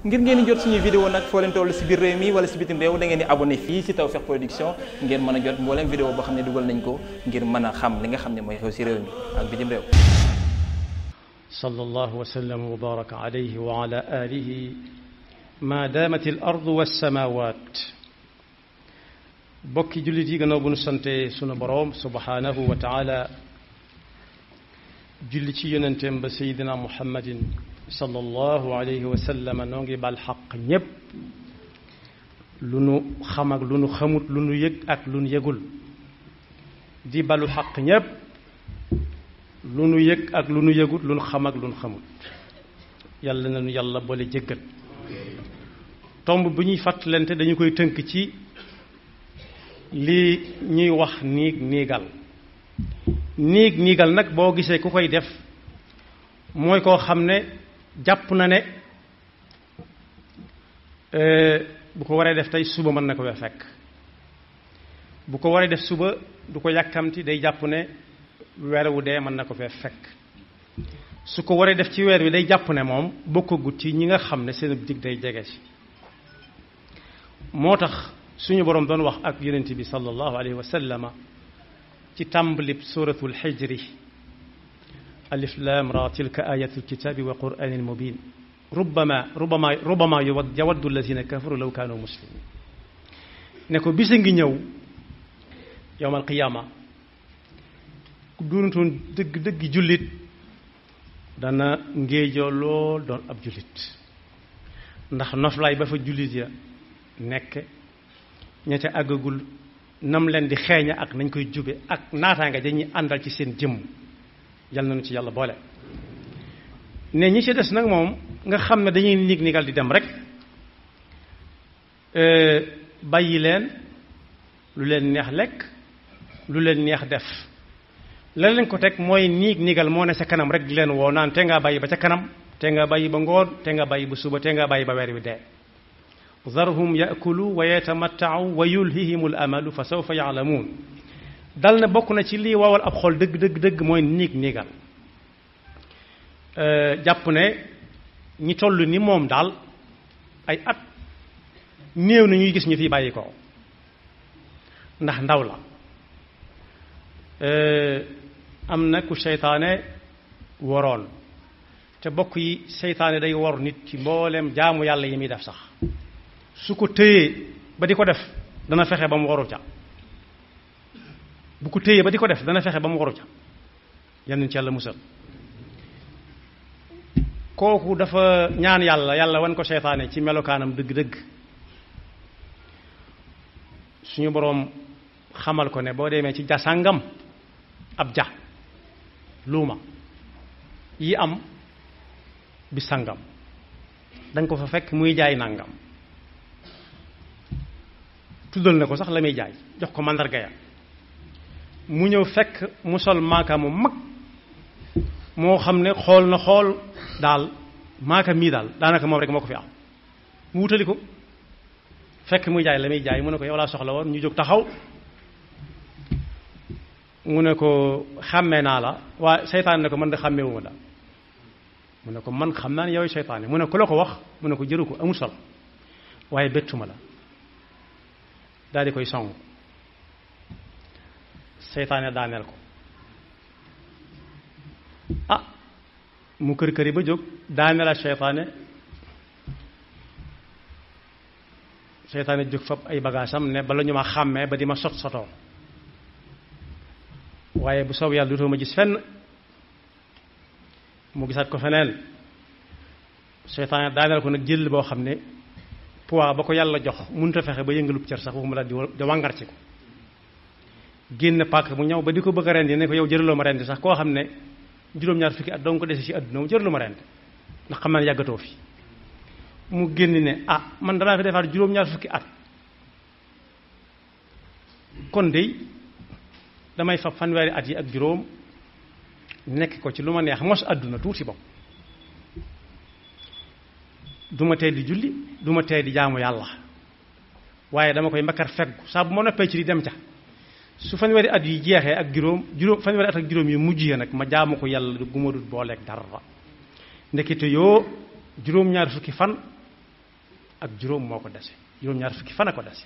ngir ngeen di jot suñuy vidéo nag foo leen si biir réew mi wala si bitim réew da ngeen di abonné fii si Tawfekh Production ngeen mën a jot mbooleem vidéo boo xam ne dugal nañ ko ngir mën a xam li nga xam ne mooy xew si réew mi ak bitim réew sallallahu wa sallam wa baraka alayhi wa ala jullit yi gannaaw bu nu sante sunu boroom subhanahu wa taala julli ci yonenteem ba sayidina muhammadin sallallahu alayhi wa sallam noo ngi bal xaq ñépp lu nu xam ak lu nu xamut lu nu yëg ak lu nu yëgul di balu xaq ñépp lu nu yëg ak lu nu yëgut lu nu xam ak lu nu xamut yàlla na nu yàlla boole jéggal tomb bu ñuy fàttalante dañu koy tënk ci lii ñuy wax niig niigal niig niigal nag boo gisee ku koy def mooy koo xam ne jàpp na ne euh, bu ko waree def tey suba mën na ko fekk bu ko waree def suba du ko yàkkamti day jàpp ne weer wu dee mën na ko fee fekk su ko waree def ci weer wi day jàpp ne moom bokkagut ci ñi nga xam ne seen dig day jege ci moo tax suñu borom doon wax ak yonent bi sallallahu alayhi wa sallama ci tàmbalib suratul xijri alif laam raa ayatul kitaabi wa qur'aanil mubiin rubbama rubbama rubbama yawaddu allazina kafaru ne ko bisa ngi ñëw yowmal qiyaama ku doonutoon dëgg dëgg jullit dana ngéejoo lool doon ab jullit ndax noflaay ba fa jullit ya nekk ña ca àggagul nam leen di xeeña ak nañ koy jube ak naataanga dañuy àndal ci seen jëmm yal nañu ci yàlla boole ne ñi ci des nag moom nga xam ne dañuy nig nigal di dem rek euh, bàyyi leen lu leen neex lekk lu leen neex def la leen ko teg mooy niig nigal moo ne sa kanam rek di leen woo naan tee ngaa bàyyi ba ca kanam te nga bàyyi ba ngoon te nga bàyyi ba suba tee nga bàyyi ba weer wi dee zarhum yaakulu wa yatamattaau wa yulhihimul amalu fa sawfa yaalamuun dal na bokk na ci lii wawal ab xool dëgg dëgg dëgg mooy niig niigal euh, jàpp ne ñi toll ni moom daal ay at néew na ñuy gis ñu fi bàyyi ko ndax ndaw la euh, am na ku seytaane waroon te bokk yi seytaane day wor nit ci mbooleem jaamu yàlla yi muy def sax su ko téyee ba di ko def dana fexe ba mu waru ca bu ko téyee ba di ko def dana fexe ba mu waru ca yal nañ ci yàlla musal kooku dafa ñaan yàlla yàlla wan ko seytaane ci melokaanam dëgg-dëgg suñu boroom xamal ko ne boo demee ci ja sàngam ab ja luuma yi am bi sàngam danga ko fa fekk muy jaay nàngam tuddal ne ko sax la muy jaay jox ko màndarga mu ñëw fekk mu sol maaka mu mag moo xam ne xool na xool daal maaka mii daal daanaka moom rek moo ko fi am mu wutali ko fekk muy jaay la muy jaay mu ne ko yow laa soxla woon ñu jóg taxaw mu ne ko xàmmee naa la waaye seytaane ne ko man de xàmmewuma la mu ne ko man xam naa ne yow seytaane mu ne ku la ko wax mu ne ko jëru ko amu solo waaye bettuma la daal di koy song seytaane daaneel ko ah mu kër kër yi ba jóg daaneelaat seytaane seytaane jóg fab ay bagaasam ne bala ñu ma xàmmee ba di ma sot sotoo waaye bu soob yàlla dootoo ma gis fenn mu gisaat ko feneen seytaane daaneel ko nag jël boo xam ne poids ba ko yàlla jox mënut a fexe ba yëngalub cër sax ma la di wangar ci ko génn paaka mu ñaw ba di ko bëgg a rendi ne ko yow jëraloo ma rendi sax koo xam ne juróom-ñaar fukki at doo ko dese ci àdduna mu jëraloo ma rendi ndax xam naa ne yàggatoo fi mu génn ne ah man danaa fi defaat juróom-ñaar fukki at kon de damay fab fanweeri at yi ak juróom nekk ko ci lu ma neex mos àdduna tuuti bopp du ma tey di julli du ma tey di jaamu yàlla waaye dama koy mbakkar feggu saa bu ma noppee ci di dem ca su fanweeri at yi jeexee ak juróom juróom fanweeri at ak juróom yi mujj ya nag ma jaamu ko yàlla gu ma dut booleeg dara ndekete yoo juróom-ñaar fukki fan ak juróom moo ko dese juróom-ñaar fukki fan a ko dese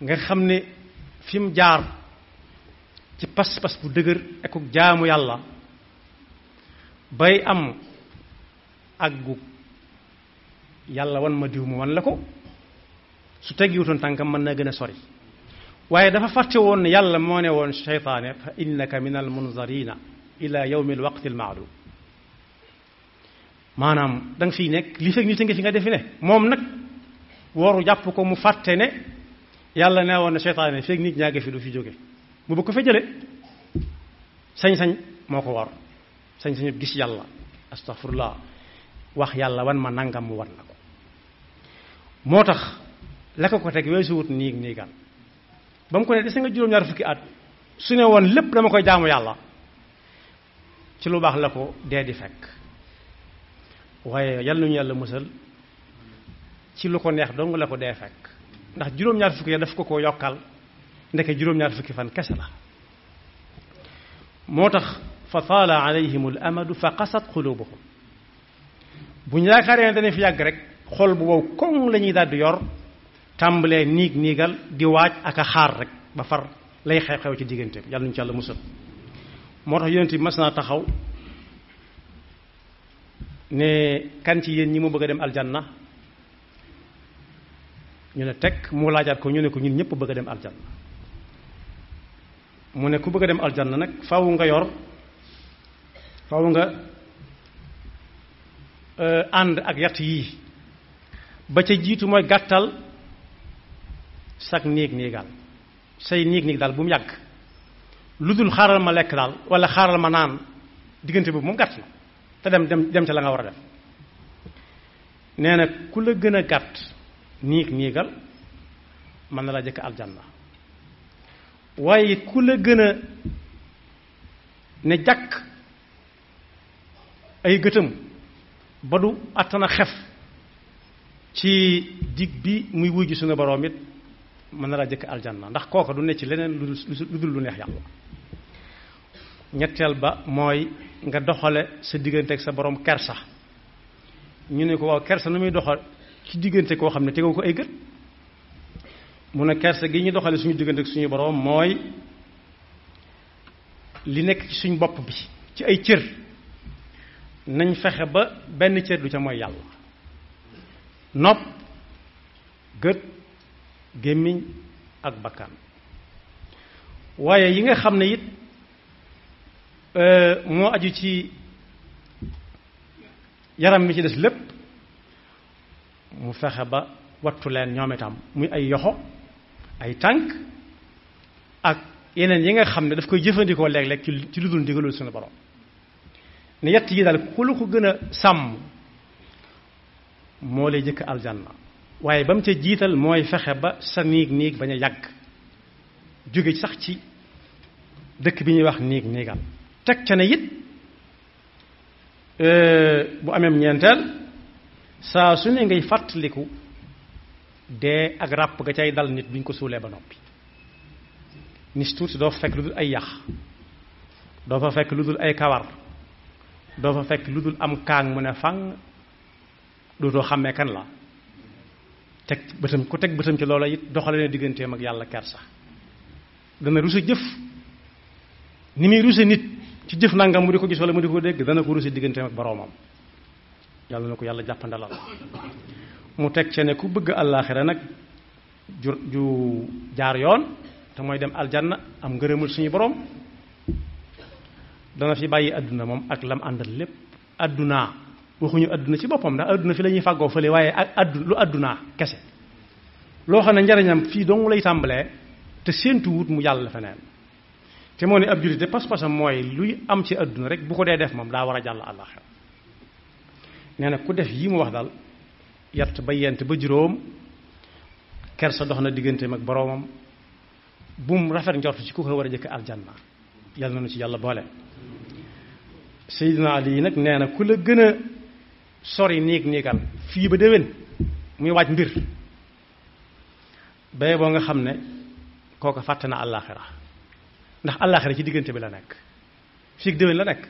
nga xam ne fi mu jaar ci pas-pas bu dëgër ak jaamu yàlla bay am aggu yàlla wan ma diw mu wan la ko su teg teggiwutoon tànkam mën naa gën a sori waaye dafa fàtte woon ne yàlla moo ne woon seytaane fa innaka min al munzarina ila yawmi al waqti al maalum maanaam da nga fiy nekk li fekk nit a nga fi defi ne moom nag waru jàpp ko mu fàtte ne yàlla ne woon ne seytaane fekk nit ñaa ngi fi fi jóge mu bëgg ko fa jële sañ moo ko war sañ-sañu gis yàlla astaghfirullah wax yàlla wan ma nangam mu wan la ko moo tax lekk ko ko teg weesuwut niig niigaan ba mu ko ne dese nga juróom-ñaar fukki at su ne woon lépp dama koy jaamu yàlla ci lu baax la ko dee di fekk waaye yal nañu yàlla musal ci lu ko neex dong la ko dee fekk ndax juróom-ñaar fukki daf ko ko yokkal ndeke juróom-ñaar fan kese la moo tax fa taala alayhim al amadu fa qasat qulubuhum bu ñu yaakaaree ne dana fi yàgg rek xool bu wow koŋ la ñuy daal di yor tàmbalee niig niigal di waaj ak a xaar rek ba far lay xew xew ci diggante bi yàlla ñu ci yàlla musal moo tax yonent bi mas naa taxaw ne kan ci yéen ñi mu bëgg a dem aljanna ñu ne teg mu laajaat ko ñu ne ko ñun ñëpp bëgg a dem aljanna mu ne ku bëgg a dem aljana nag fawu nga yor fawu nga euh, ànd ak yatt yii ba ca jiitu mooy gàttal sag néeg néegaal say néeg néeg daal bu mu yàgg lu dul xaaral ma lekk daal wala xaaral ma naan diggante boobu moom gàtt na te dem dem ca la nga war a def nee na ku la gën a gàtt néeg néegal mën na la jëkk aljanna waaye ku la gën a ne jàkk ay gëtam ba du attana xef ci dig bi muy wuy ji suñu boroom it mën na laa jëkk aljanna ndax kooka du ne ci leneen lu dul lu neex yàlla ñetteel ba mooy nga doxale sa diggante ak sa boroom kersa ñu ne ko waaw kersa nu muy doxal ci diggante koo xam ne tegoo ko ay gët mun ne kersa gi ñu doxale suñu diggante ak suñu borom mooy li nekk ci suñ bopp bi ci ay cër nañ fexe ba benn cër du ca mooy yàlla nopp gët gémmiñ ak bakkan waaye yi nga xam ne it euh, moo aju ci yaram mi ci des lépp mu fexe ba wattu leen ñoom itam muy ay yoxo ay tànk ak yeneen yi nga xam ne daf koy jëfandikoo léeg lekk ci lu dul ndigalul suñu borom ne yett yi daal ku la ko gën a sàmm moo lay jëkk aljanna waaye ba mu ca jiital mooy fexe ba sa niig niig bañ a yàgg jóge sax ci dëkk bi ñuy wax niig niigal teg ca ne it euh, bu amee ñeenteel saa su ne ngay fàttaliku dee ak ràpp ga cay dal nit buñ ko suulee ba noppi nis tuuti doo fa fekk lu dul ay yax doo fa fekk lu dul ay kawar doo fa fekk lu dul am kaang mu ne fang doo xàmmee kan la teg bëtam ku teg bëtam ci loola it doxale na digganteem ak yàlla kersa dana ruse jëf ni muy ruse nit ci jëf nangam mu di ko gis wala mu di ko dégg dana ko ruse digganteem ak boroomam yàlla na ko yàlla jàppandalal mu teg ce ne ku bëgg àllaaxira nag ju ju jaar yoon te mooy dem aljanna am ngërëmul suñu borom dana fi bàyyi àdduna moom ak lam àndal lépp àddunaa waxuñu àdduna ci boppam ndax adduna fi la ñuy fàggoo fële waaye addu lu addunaa kese loo xam ne njariñam fii dong lay tàmbalee te séentu wut mu jàll feneen te moo ne ab jullit de pas-pasam mooy luy am ci adduna rek bu ko dee def moom daa war a jàll àllaaxira nee na ku def yi mu wax daal yatt ba yent ba juróom kersa dox na digganteem ak boroomam bum rafet njort ci ku ko war a jëkk aljanna yàlla na nu ci yàlla boole Seydina Ali nag nee na sori néeg néegal fii ba déwén muy waaj mbir bay boo nga xam ne kooka fàtte na àllaaxira ndax àllaaxira ci diggante bi la nekk fii ak déwén la nekk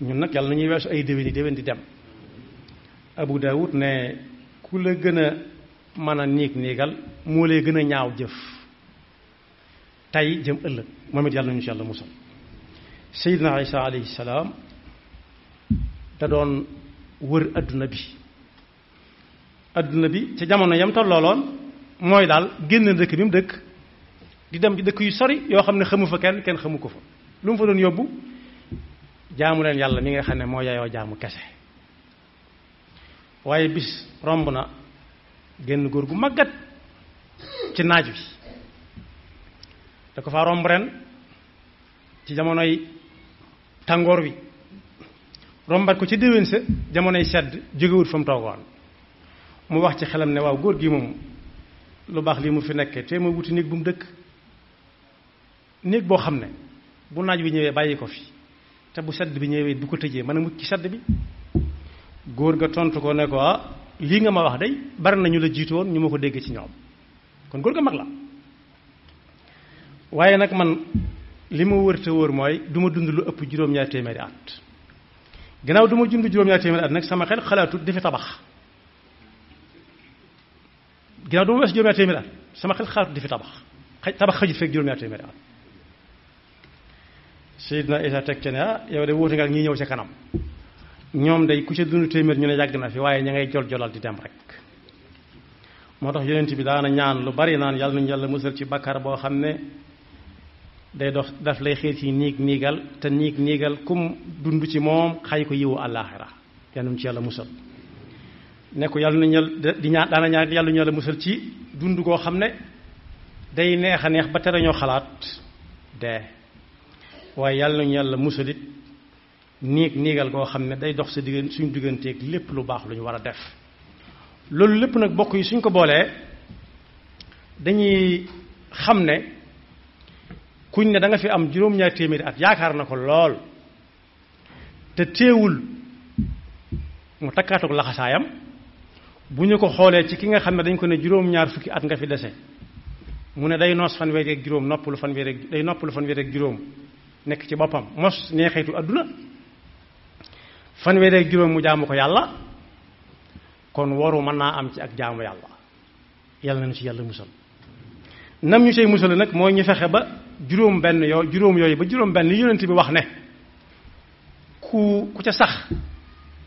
ñun nag yàlla na ñuy weesu ay déwén yi déwén di dem Abu Daawud ne ku la gën a mën a néeg néegal moo lay gën a ñaaw jëf tey jëm ëllëg moom it yàlla nañu ci yàlla musal Seydina Isa alayhi te doon wër adduna bi àdduna bi ca jamono yam tollooloon mooy daal génn dëkk bi mu dëkk di dem ci dëkk yu sori yoo xam ne xamu fa kenn kenn xamu ko fa lu mu fa doon yóbbu jaamu leen yàlla mi nga xam ne moo yaayoo jaamu kese waaye bis romb na génn góor gu màggat ci naaj wi da ko faa romb ren ci jamonoy tàngoor wi rombat ko ci déwén sa jamonoy sedd jógewut fa mu toogoon mu wax ci xelam ne waaw góor gi moom lu baax lii mu fi nekkee te ma wuti néeg bu mu dëkk néeg boo xam ne bu naaj wi ñëwee bàyyi ko fi te bu sedd bi ñëwee bu ko tëjee mën a mucc ci sedd bi góor ga tontu ko ne ko ah lii nga ma wax day bari na ñu la jiitoon ñu ma ko déggee ci ñoom kon góor ga mag la waaye nag man li ma wër te mooy du ma dund lu ëpp juróom-ñaar téeméeri at gannaaw du ma jundu juróom-ñaar at nag sama xel xalaatut dafi tabax gannaaw du wees juróom-ñaar at sama xel xalaatut dafi tabax tabax xajut fekk juróom-ñaar téeméer at Seydina Isa teg ca ne ah de wóote nga ak ñi ñëw si kanam ñoom day ku ca dund téeméer ñu ne yàgg na fi waaye ña ngay jol jolal di dem rek moo tax yonent bi daana ñaan lu bari naan yàlla nañu yàlla musal ci bakkar boo xam ne day dox daf lay xiir ci niig niigal te niig niigal kum dund ci moom xay ko yiwu àllaaxira yàlla ci yàlla musal ne ko yàlla nañu yàlla ñu yàlla musal ci dund goo xam ne day neex a neex ba tere ñoo xalaat dee waaye yàlla nañu yàlla musalit niig niigal goo xam ne day dox sa diggante suñu digganteeg lépp lu baax lu ñu war a def loolu lépp nag bokk yi suñ ko boolee dañuy xam ne kuñ ne da nga fi am juróom-ñaar téeméeri at yaakaar na ko lool te teewul mu takkaatug laxasaayam bu ñu ko xoolee ci ki nga xam ne dañ ko ne juróom-ñaar fukki at nga fi dese mu ne day noos fanweeri ak juróom noppalu fanweeri ak noppalu fanweeri ak juróom nekk ci boppam mos neexeetu àdduna fanweeri ak juróom mu jaamu ko yàlla kon waru mën naa am ci ak jaamu yàlla yàlla nañu ci yàlla musal nam ñu cay musal nag mooy ñu fexe ba juróom benn yoo juróom yooyu ba juróom benn li yonent bi wax ne ku ku ca sax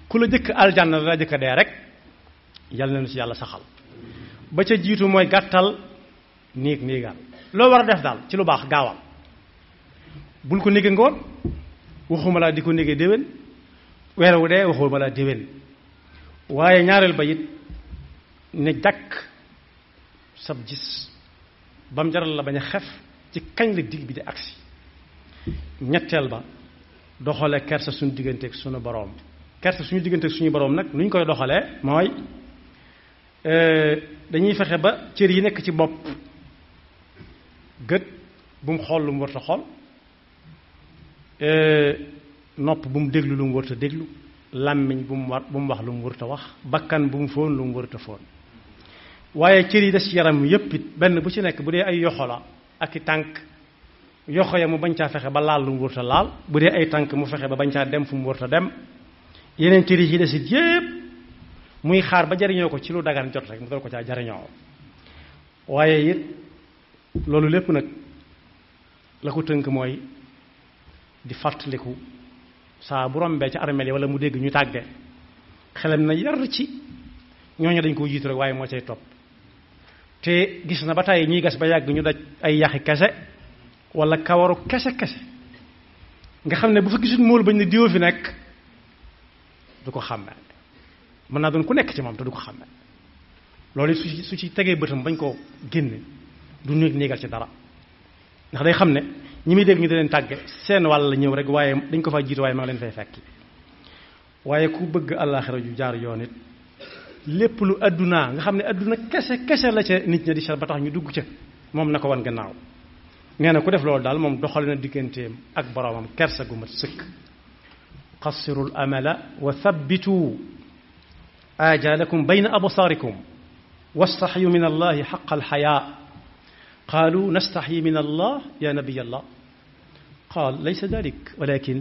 ku la jëkk aljanna la jëkk dee rek yal na nu ci yàlla saxal ba ca jiitu mooy gàttal néeg niigaan loo war a def daal ci lu baax gaawal bul ko nigi ngoon waxuma laa di ko nigi déwén weer wu dee waxuma laa déwén waaye ñaareel ba it ne jàkk sab gis bam jaral la bañ a xef ci kañ la digg bi di agsi ñetteel ba doxale kersa suñu digganteeg suñu boroom kersa suñu digganteeg suñu boroom nag lu ñu koy doxalee mooy euh, dañuy fexe ba cër yi nekk ci bopp gët bu mu xool lu mu warta xool euh, nopp bu mu déglu lu mu warta déglu làmmiñ bu mu war bu mu wax lu mu warta wax bakkan bu mu fóon lu mu warta fóon waaye cër yi des yaram yépp it benn bu ci nekk bu dee ay yoxo la ak i tànk yoxo ya mu bañ caa fexe ba laal lu mu wërta laal bu dee ay tànk mu fexe ba bañ caa dem fu mu wërta dem yeneen cëri yi desit yépp muy xaar ba jariñoo ko ci lu dagan jot rek mu dal ko caa jariñoo waaye it loolu lépp nag la ko tënk mooy di fàttaliku saa bu rombee ca armeel yi wala mu dégg ñu tàgge xelam na yar ci ñooñu dañ koo jiitu rek waaye moo cay topp te gis na ba tàyyi ñiy gas ba yàgg ñu daj ay yaxi kese wala kawaru kese kese nga xam ne bu fa gisul mool bañ ne diwo fi nekk du ko xam xàmme mën naa doon ku nekk ci moom te du ko xam loolu su ci su ci tegee bëtam bañ ko génne du ñu néegal ci dara ndax day xam ne ñi muy dégg ñu di leen tàgge seen wàll la ñëw rek waaye dañ ko fa jiitu waaye ma nga leen fay fekki waaye ku bëgg àllaaxira ju jaar yoon it lépp lu addunaa nga xam ne adduna kese kese la ca nit ña di cher ba tax ñu dugg ca moom na ko wan gannaaw nee na ku def loolu daal moom doxal na digganteem ak boroomam kersa gu mat sëkk qassirul amala wa thabbitu aajalakum bayna absaarikum wastaxyu min allahi xaqa alxayaa qaalu nastaxyi min allah ya nabiy allah qaal laysa dalik walakin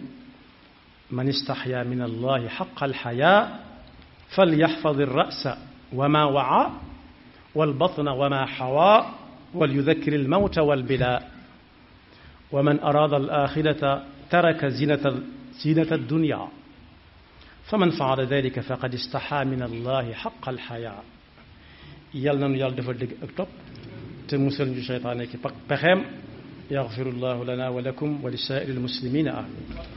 man istaxya min allahi xaqa alxayaa fal yaxfad rasa wa ma waa wal batna wa ma xawaa wal yudakkir al mawta wal bilaa wa man araada al axirata taraka zinata zinata dunya faman faala dalika faqad istaxaa min allahi xaq alxayaa yal na nu yàlla dafa dégg ak topp te musal ñu seytaane ki pexeem yaxfiru llahu lana wa lakum wa li saa'iri almuslimina amin